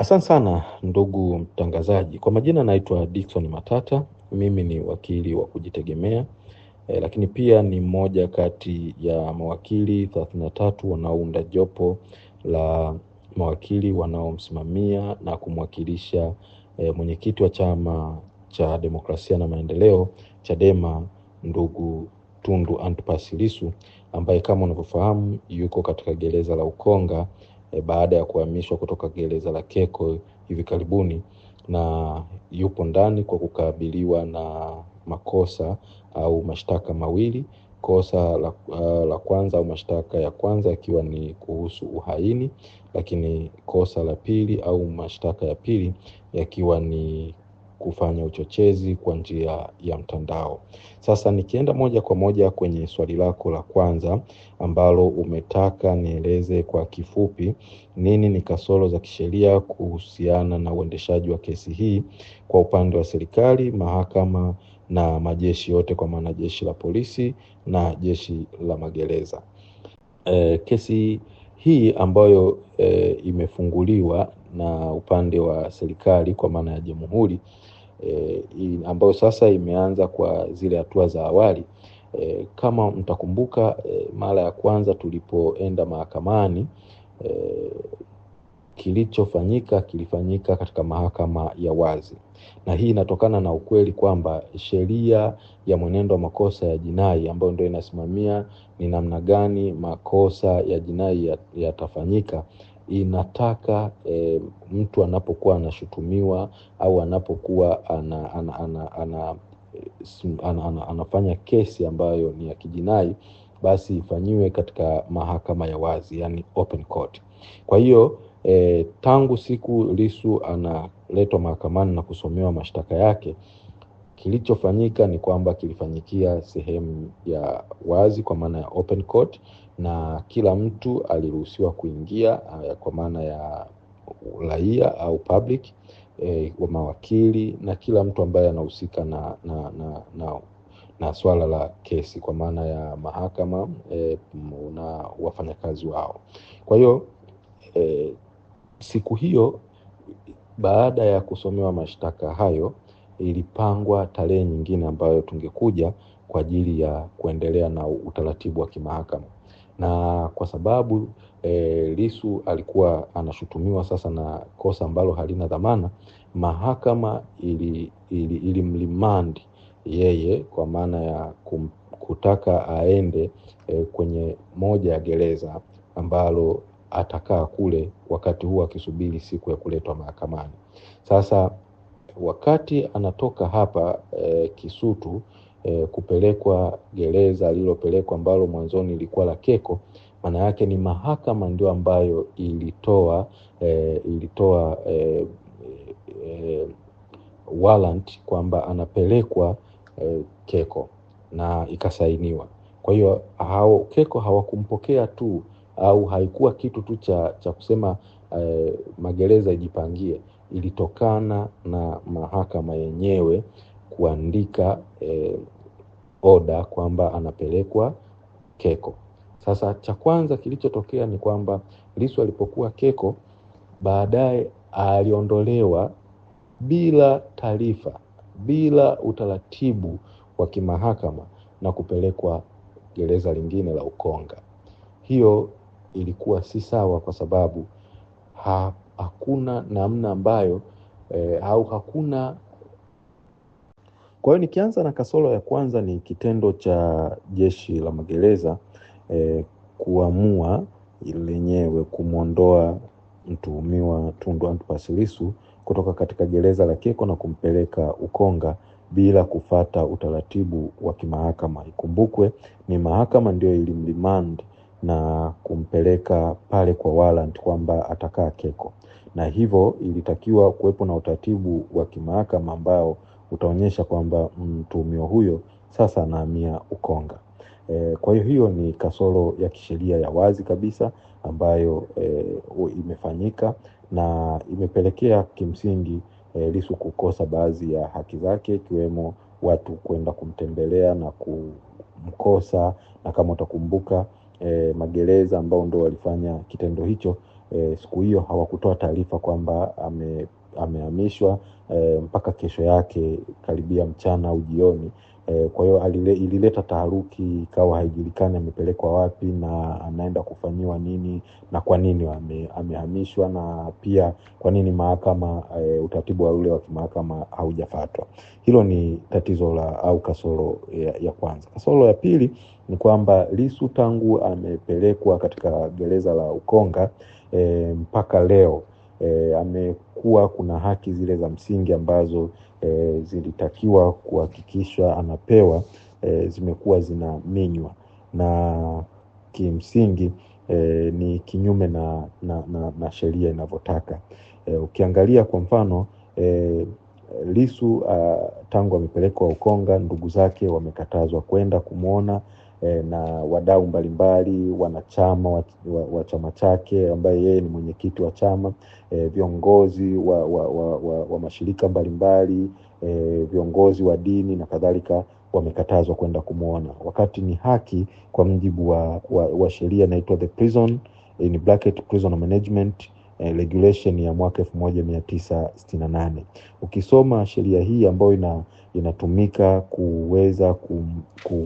Asante sana ndugu mtangazaji. Kwa majina naitwa Dickson Matata, mimi ni wakili wa kujitegemea e, lakini pia ni mmoja kati ya mawakili thelathini na tatu wanaounda jopo la mawakili wanaomsimamia na kumwakilisha e, mwenyekiti wa Chama cha Demokrasia na Maendeleo Chadema, ndugu Tundu Antipas Lissu ambaye kama unavyofahamu yuko katika gereza la Ukonga e, baada ya kuhamishwa kutoka gereza la Keko hivi karibuni, na yupo ndani kwa kukabiliwa na makosa au mashtaka mawili. Kosa la, uh, la kwanza au mashtaka ya kwanza yakiwa ni kuhusu uhaini, lakini kosa la pili au mashtaka ya pili yakiwa ni kufanya uchochezi kwa njia ya mtandao. Sasa nikienda moja kwa moja kwenye swali lako la kwanza ambalo umetaka nieleze kwa kifupi nini ni kasoro za kisheria kuhusiana na uendeshaji wa kesi hii kwa upande wa serikali, mahakama na majeshi yote kwa maana jeshi la polisi na jeshi la magereza. E, kesi hii ambayo e, imefunguliwa na upande wa serikali kwa maana ya jamhuri e, ambayo sasa imeanza kwa zile hatua za awali e, kama mtakumbuka e, mara ya kwanza tulipoenda mahakamani e, kilichofanyika kilifanyika katika mahakama ya wazi, na hii inatokana na ukweli kwamba sheria ya mwenendo wa makosa ya jinai ambayo ndio inasimamia ni namna gani makosa ya jinai yatafanyika ya inataka e, mtu anapokuwa anashutumiwa au anapokuwa ana, ana, ana, ana, ana, ana, anafanya kesi ambayo ni ya kijinai basi ifanyiwe katika mahakama ya wazi, yani open court. Kwa hiyo e, tangu siku lisu analetwa mahakamani na kusomewa mashtaka yake kilichofanyika ni kwamba kilifanyikia sehemu ya wazi kwa maana ya open court, na kila mtu aliruhusiwa kuingia eh, kwa maana ya raia au public e, wa mawakili na kila mtu ambaye anahusika na, na, na, na, na swala la kesi kwa maana ya mahakama e, na wafanyakazi wao. Kwa hiyo e, siku hiyo baada ya kusomewa mashtaka hayo ilipangwa tarehe nyingine ambayo tungekuja kwa ajili ya kuendelea na utaratibu wa kimahakama na kwa sababu e, eh, lisu alikuwa anashutumiwa sasa na kosa ambalo halina dhamana, mahakama ilimlimandi ili, ili yeye kwa maana ya kum, kutaka aende e, kwenye moja ya gereza ambalo atakaa kule wakati huo akisubiri siku ya kuletwa mahakamani. Sasa wakati anatoka hapa e, Kisutu e, kupelekwa gereza alilopelekwa ambalo mwanzoni ilikuwa la Keko, maana yake ni mahakama ndio ambayo ilitoa e, ilitoa e, e, warrant kwamba anapelekwa e, Keko na ikasainiwa. Kwa hiyo hao Keko hawakumpokea tu au haikuwa kitu tu cha, cha kusema e, magereza ijipangie, ilitokana na mahakama yenyewe kuandika eh, oda kwamba anapelekwa Keko. Sasa cha kwanza kilichotokea ni kwamba lisu alipokuwa Keko, baadaye aliondolewa bila taarifa, bila utaratibu wa kimahakama na kupelekwa gereza lingine la Ukonga. Hiyo ilikuwa si sawa, kwa sababu ha, hakuna namna ambayo eh, au hakuna kwa hiyo nikianza na kasoro ya kwanza ni kitendo cha jeshi la magereza eh, kuamua lenyewe kumwondoa mtuhumiwa Tundu Antipas Lissu kutoka katika gereza la Keko na kumpeleka Ukonga bila kufata utaratibu wa kimahakama. Ikumbukwe ni mahakama ndiyo ilimremand na kumpeleka pale kwa warrant kwamba atakaa Keko, na hivyo ilitakiwa kuwepo na utaratibu wa kimahakama ambao utaonyesha kwamba mtuhumiwa huyo sasa anahamia Ukonga. E, kwa hiyo hiyo ni kasoro ya kisheria ya wazi kabisa ambayo e, imefanyika na imepelekea kimsingi e, Lissu kukosa baadhi ya haki zake ikiwemo watu kwenda kumtembelea na kumkosa, na kama utakumbuka e, magereza ambao ndo walifanya kitendo hicho e, siku hiyo hawakutoa taarifa kwamba ame amehamishwa e, mpaka kesho yake karibia mchana au jioni e, kwa hiyo ilileta taharuki, ikawa haijulikani amepelekwa wapi na anaenda kufanyiwa nini na kwa nini amehamishwa na pia kwa nini mahakama e, utaratibu wa ule wa kimahakama haujafatwa Hilo ni tatizo la au kasoro ya, ya kwanza. Kasoro ya pili ni kwamba lisu tangu amepelekwa katika gereza la Ukonga e, mpaka leo eh, amekuwa kuna haki zile za msingi ambazo e, zilitakiwa kuhakikisha anapewa e, zimekuwa zinaminywa na kimsingi e, ni kinyume na, na, na, na sheria inavyotaka. E, ukiangalia kwa mfano e, lisu a, ah, tangu amepelekwa Ukonga, ndugu zake wamekatazwa kwenda kumwona e, na wadau mbalimbali, wanachama wa, wa, wa chama chake ambaye yeye ni mwenyekiti wa chama e, viongozi wa, wa, wa, wa, wa mashirika mbalimbali e, viongozi wa dini na kadhalika wamekatazwa kwenda kumwona, wakati ni haki kwa mjibu wa, wa, wa sheria inaitwa the prison in bracket prison management eh, regulation ya mwaka 1968. Ukisoma sheria hii ambayo ina, inatumika kuweza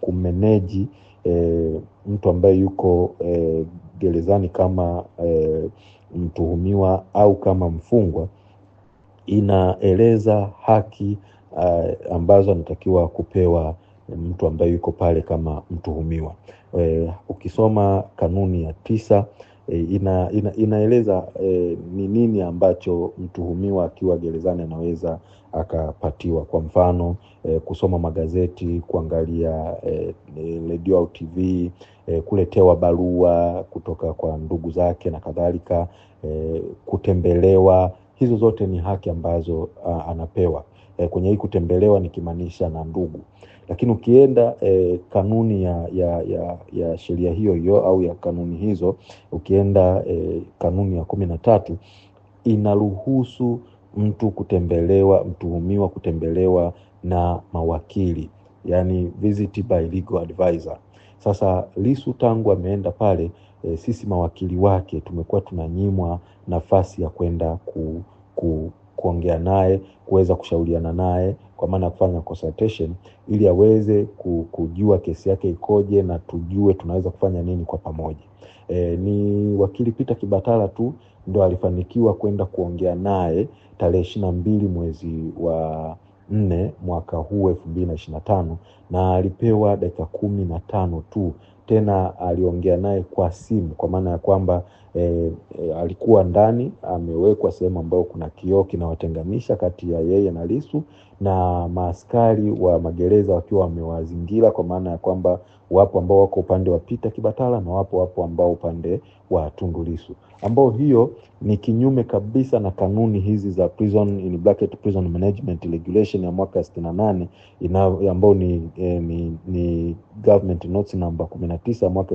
kumeneji eh, mtu ambaye yuko eh, gerezani kama eh, mtuhumiwa au kama mfungwa inaeleza haki uh, ambazo anatakiwa kupewa mtu ambaye yuko pale kama mtuhumiwa. E, ukisoma kanuni ya tisa e, ina, ina, inaeleza e, ni nini ambacho mtuhumiwa akiwa gerezani anaweza akapatiwa. Kwa mfano e, kusoma magazeti, kuangalia redio radio au TV e, kuletewa barua kutoka kwa ndugu zake na kadhalika e, kutembelewa. Hizo zote ni haki ambazo a, anapewa e, kwenye hii kutembelewa nikimaanisha na ndugu lakini ukienda eh, kanuni ya, ya, ya, ya sheria hiyo hiyo au ya kanuni hizo, ukienda eh, kanuni ya kumi na tatu inaruhusu mtu kutembelewa, mtuhumiwa kutembelewa na mawakili, yani visit by legal advisor. Sasa lisu tangu ameenda pale e, sisi mawakili wake tumekuwa tunanyimwa nafasi ya kwenda ku, ku kuongea naye, kuweza kushauriana naye, kwa maana ya kufanya consultation, ili aweze kujua kesi yake ikoje na tujue tunaweza kufanya nini kwa pamoja. E, ni wakili pita Kibatala tu ndo alifanikiwa kwenda kuongea naye tarehe ishirini na mbili mwezi wa nne mwaka huu elfu mbili na ishirini na tano na alipewa dakika kumi na tano tu, tena aliongea naye kwa simu, kwa maana ya kwamba E, e, alikuwa ndani amewekwa sehemu ambayo kuna kioo kinawatenganisha kati ya yeye na lisu na maaskari wa magereza wakiwa wamewazingira, kwa maana ya kwamba wapo ambao wako upande wa pita Kibatala na wapo wapo ambao upande wa Tundu lisu ambao hiyo ni kinyume kabisa na kanuni hizi za prison in bracket, prison management regulation ya mwaka 68 ina ambayo ni, eh, ni, ni government notes namba 19 mwaka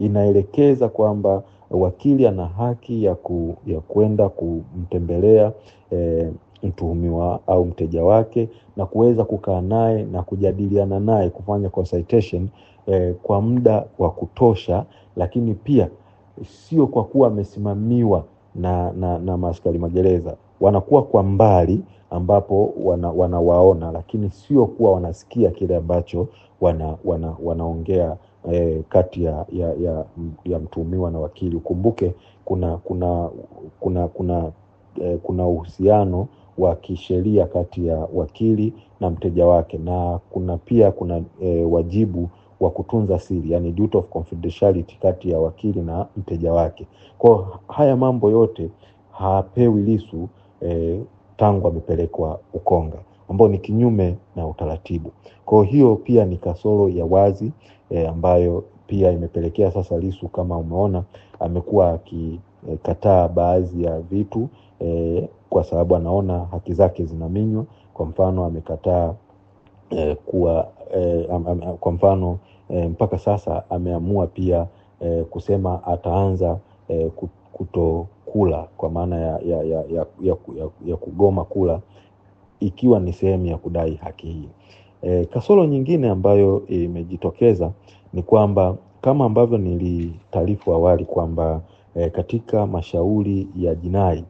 inaelekeza kwamba wakili ana haki ya, ku, ya kwenda kumtembelea e, mtuhumiwa au mteja wake na kuweza kukaa naye na kujadiliana naye kufanya consultation e, kwa muda wa kutosha, lakini pia sio kwa kuwa amesimamiwa na, na, na maaskari magereza wanakuwa kwa mbali ambapo wanawaona wana, lakini sio kuwa wanasikia kile ambacho wanaongea wana e, kati ya, ya, ya, ya mtuhumiwa na wakili. Ukumbuke kuna kuna kuna kuna e, kuna uhusiano wa kisheria kati ya wakili na mteja wake, na kuna pia kuna e, wajibu wa kutunza siri, yani duty of confidentiality kati ya wakili na mteja wake. Kwa haya mambo yote hapewi lisu e, tangu amepelekwa Ukonga, ambao ni kinyume na utaratibu. Kwa hiyo pia ni kasoro ya wazi e, ambayo pia imepelekea sasa Lisu kama umeona amekuwa akikataa baadhi ya vitu e, kwa sababu anaona haki zake zinaminywa. Kwa mfano amekataa e, kuwa e, am, am, kwa mfano e, mpaka sasa ameamua pia e, kusema ataanza e, kutokula kwa maana ya, ya, ya, ya, ya, ya, ya kugoma kula ikiwa ni sehemu ya kudai haki hii. E, kasoro nyingine ambayo imejitokeza ni kwamba kama ambavyo nilitaarifu awali kwamba e, katika mashauri ya jinai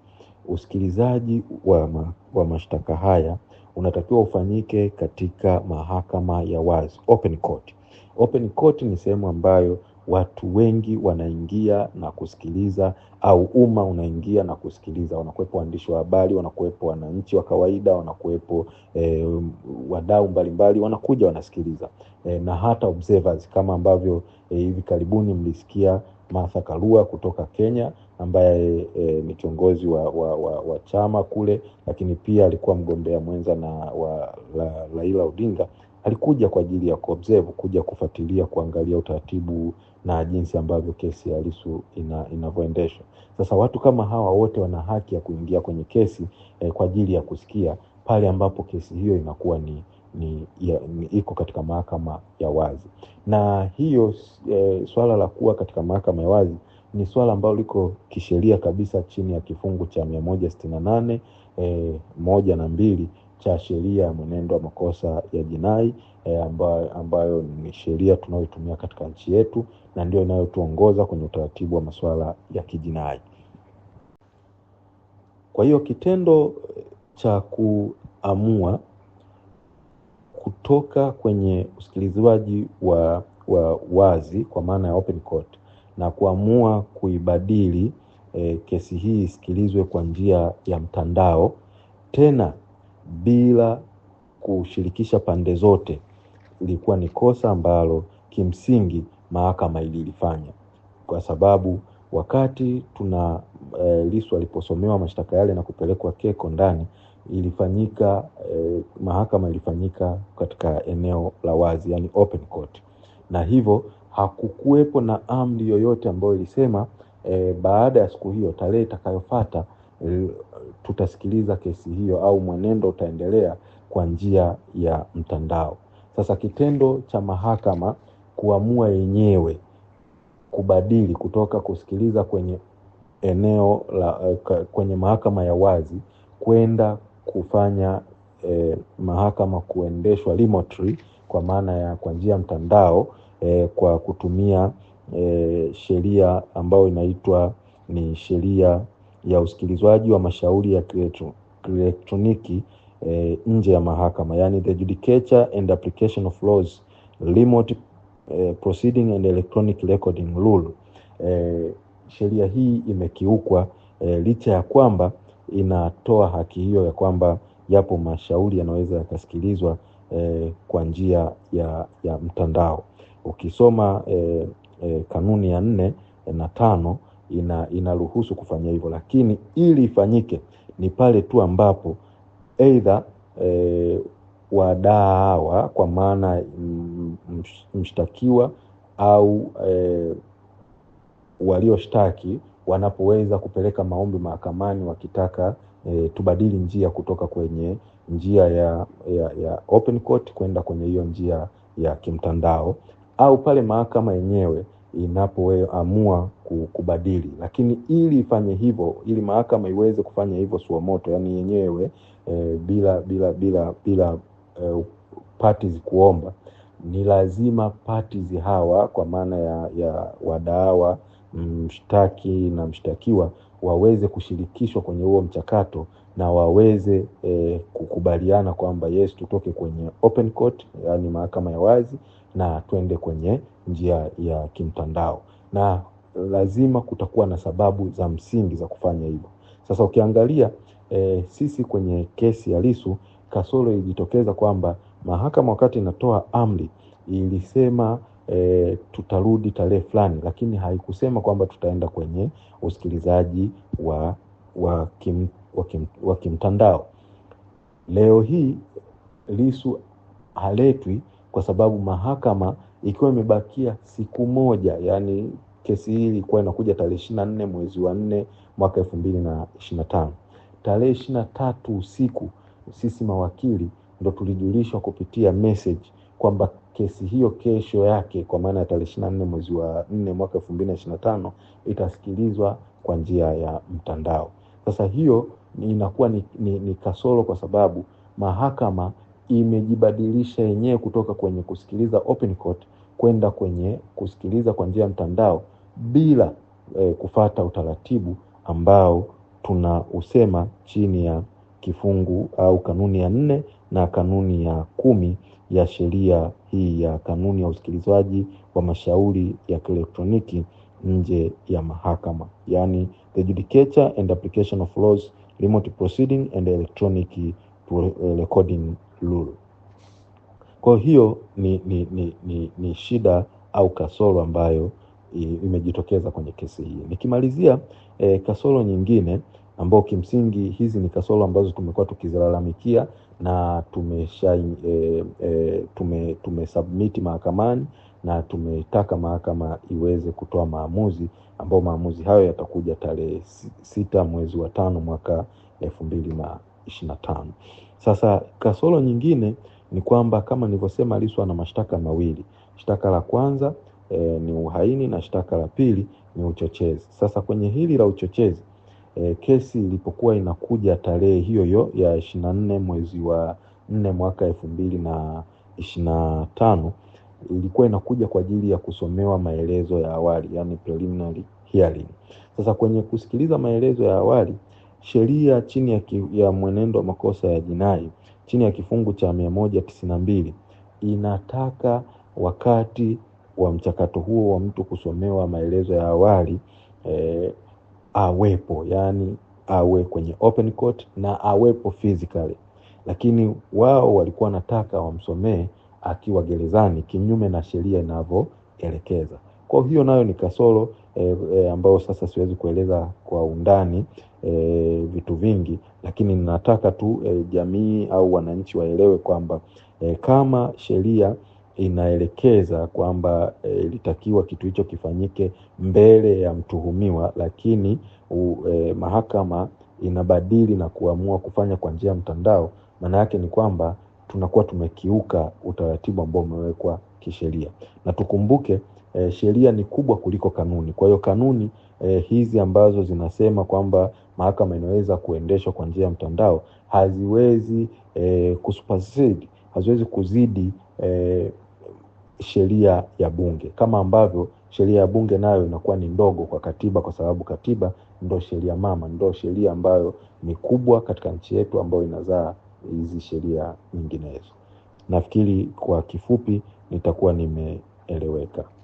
usikilizaji wa, ma, wa mashtaka haya unatakiwa ufanyike katika mahakama ya wazi open court. Open court ni sehemu ambayo watu wengi wanaingia na kusikiliza au umma unaingia na kusikiliza. Wanakuwepo waandishi wa habari, wanakuwepo wananchi wa kawaida, wanakuwepo eh, wadau mbalimbali, wanakuja wanasikiliza eh, na hata observers kama ambavyo eh, hivi karibuni mlisikia Martha Karua kutoka Kenya ambaye eh, ni kiongozi wa, wa, wa, wa chama kule, lakini pia alikuwa mgombea mwenza na wa Raila Odinga alikuja kwa ajili ya kuobserve, kuja kufuatilia, kuangalia utaratibu na jinsi ambavyo kesi ya lisu ina, inavyoendeshwa. Sasa watu kama hawa wote wana haki ya kuingia kwenye kesi eh, kwa ajili ya kusikia pale ambapo kesi hiyo inakuwa ni ni, ya, ni iko katika mahakama ya wazi, na hiyo eh, swala la kuwa katika mahakama ya wazi ni swala ambalo liko kisheria kabisa chini ya kifungu cha mia moja sitini na nane eh, moja na mbili cha sheria ya mwenendo wa makosa ya jinai e, ambayo, ambayo ni sheria tunayoitumia katika nchi yetu na ndio inayotuongoza kwenye utaratibu wa masuala ya kijinai. Kwa hiyo kitendo eh, cha kuamua kutoka kwenye usikilizwaji wa, wa wazi kwa maana ya open court na kuamua kuibadili e, kesi hii isikilizwe kwa njia ya mtandao, tena bila kushirikisha pande zote ilikuwa ni kosa ambalo kimsingi mahakama ililifanya, kwa sababu wakati tuna e, eh, lisu aliposomewa mashtaka yale na kupelekwa Keko ndani ilifanyika e, mahakama ilifanyika katika eneo la wazi, yani open court, na hivyo hakukuwepo na amri yoyote ambayo ilisema e, baada ya siku hiyo tarehe itakayofuata Eh, tutasikiliza kesi hiyo au mwenendo utaendelea kwa njia ya mtandao. Sasa kitendo cha mahakama kuamua yenyewe kubadili kutoka kusikiliza kwenye eneo la eh, kwenye mahakama ya wazi kwenda kufanya eh, mahakama kuendeshwa limotri kwa maana ya kwa njia ya mtandao eh, kwa kutumia eh, sheria ambayo inaitwa ni sheria ya usikilizwaji wa mashauri ya kielektroniki eh, nje ya mahakama, yani the Judicature and Application of Laws Remote eh, Proceeding and Electronic Recording Rule. Eh, sheria hii imekiukwa eh, licha ya kwamba inatoa haki hiyo ya kwamba yapo mashauri yanaweza yakasikilizwa eh, kwa njia ya, ya mtandao. Ukisoma eh, eh, kanuni ya nne eh, na tano ina inaruhusu kufanya hivyo, lakini ili ifanyike ni pale tu ambapo aidha e, eh, hawa kwa maana mshtakiwa au e, walioshtaki wanapoweza kupeleka maombi mahakamani wakitaka e, tubadili njia kutoka kwenye njia ya, ya, ya open court kwenda kwenye hiyo njia ya kimtandao au pale mahakama yenyewe inapoamua kubadili. Lakini ili ifanye hivyo, ili mahakama iweze kufanya hivyo suomoto, yani yenyewe e, bila bila bila bila e, parties kuomba, ni lazima parties hawa kwa maana ya, ya wadaawa mshtaki na mshtakiwa waweze kushirikishwa kwenye huo mchakato na waweze e, kukubaliana kwamba yes, tutoke kwenye open court, yaani mahakama ya wazi na tuende kwenye njia ya kimtandao, na lazima kutakuwa na sababu za msingi za kufanya hivyo. Sasa ukiangalia e, sisi kwenye kesi ya lisu kasoro ilijitokeza kwamba mahakama wakati inatoa amri ilisema e, tutarudi tarehe fulani, lakini haikusema kwamba tutaenda kwenye usikilizaji wa, wa, kim, wa, kim, wa kimtandao. Leo hii lisu haletwi kwa sababu mahakama ikiwa imebakia siku moja, yani kesi hii ilikuwa inakuja tarehe ishirini na nne mwezi wa nne mwaka elfu mbili na ishirina tano tarehe ishirini na tatu usiku sisi mawakili ndo tulijulishwa kupitia message kwamba kesi hiyo kesho yake kwa maana ya tarehe ishirini na nne mwezi wa nne mwaka elfu mbili na na tano itasikilizwa kwa njia ya mtandao. Sasa hiyo inakuwa ni, ni, ni kasoro kwa sababu mahakama imejibadilisha yenyewe kutoka kwenye kusikiliza open court kwenda kwenye kusikiliza kwa njia ya mtandao bila e, kufata utaratibu ambao tunausema chini ya kifungu au kanuni ya nne na kanuni ya kumi ya sheria hii ya kanuni ya usikilizwaji wa mashauri ya kielektroniki nje ya mahakama, yani the Judicature and Application of Laws, Remote Proceeding and Electronic kurekodi eh, lulu. Kwa hiyo ni, ni, ni, ni, ni shida au kasoro ambayo imejitokeza kwenye kesi hii. Nikimalizia e, kasoro nyingine ambao kimsingi hizi ni kasoro ambazo tumekuwa tukizilalamikia na tumesha e, eh, e, tume, tumesubmiti mahakamani na tumetaka mahakama iweze kutoa maamuzi ambao maamuzi hayo yatakuja tarehe sita mwezi wa tano mwaka elfu mbili na ishirini Sasa kasoro nyingine ni kwamba kama nilivyosema, aliswa ana mashtaka mawili, shtaka la kwanza e, ni uhaini na shtaka la pili ni uchochezi. Sasa kwenye hili la uchochezi e, kesi ilipokuwa inakuja tarehe hiyo hiyo ya ishirini nne mwezi wa nne mwaka elfu mbili na ishirini tano ilikuwa inakuja kwa ajili ya kusomewa maelezo ya awali, yani preliminary hearing. Sasa kwenye kusikiliza maelezo ya awali sheria chini ya, ki, ya mwenendo wa makosa ya jinai chini ya kifungu cha mia moja tisini na mbili inataka wakati wa mchakato huo wa mtu kusomewa maelezo ya awali e, awepo yani awe kwenye open court na awepo physically, lakini wao walikuwa wanataka wamsomee akiwa gerezani, kinyume na sheria inavyoelekeza. Kwa hiyo nayo ni kasoro e, e, ambayo sasa siwezi kueleza kwa undani e, vitu vingi, lakini ninataka tu e, jamii au wananchi waelewe kwamba e, kama sheria inaelekeza kwamba ilitakiwa e, kitu hicho kifanyike mbele ya mtuhumiwa, lakini u, e, mahakama inabadili na kuamua kufanya kwa njia ya mtandao, maana yake ni kwamba tunakuwa tumekiuka utaratibu ambao umewekwa kisheria, na tukumbuke e, sheria ni kubwa kuliko kanuni. Kwa hiyo kanuni e, hizi ambazo zinasema kwamba mahakama inaweza kuendeshwa kwa njia ya mtandao haziwezi e, eh, kusupersede, haziwezi kuzidi e, sheria ya bunge kama ambavyo sheria ya bunge nayo inakuwa ni ndogo kwa katiba, kwa sababu katiba ndo sheria mama, ndo sheria ambayo ni kubwa katika nchi yetu ambayo inazaa hizi sheria nyinginezo. Nafikiri kwa kifupi nitakuwa nimeeleweka.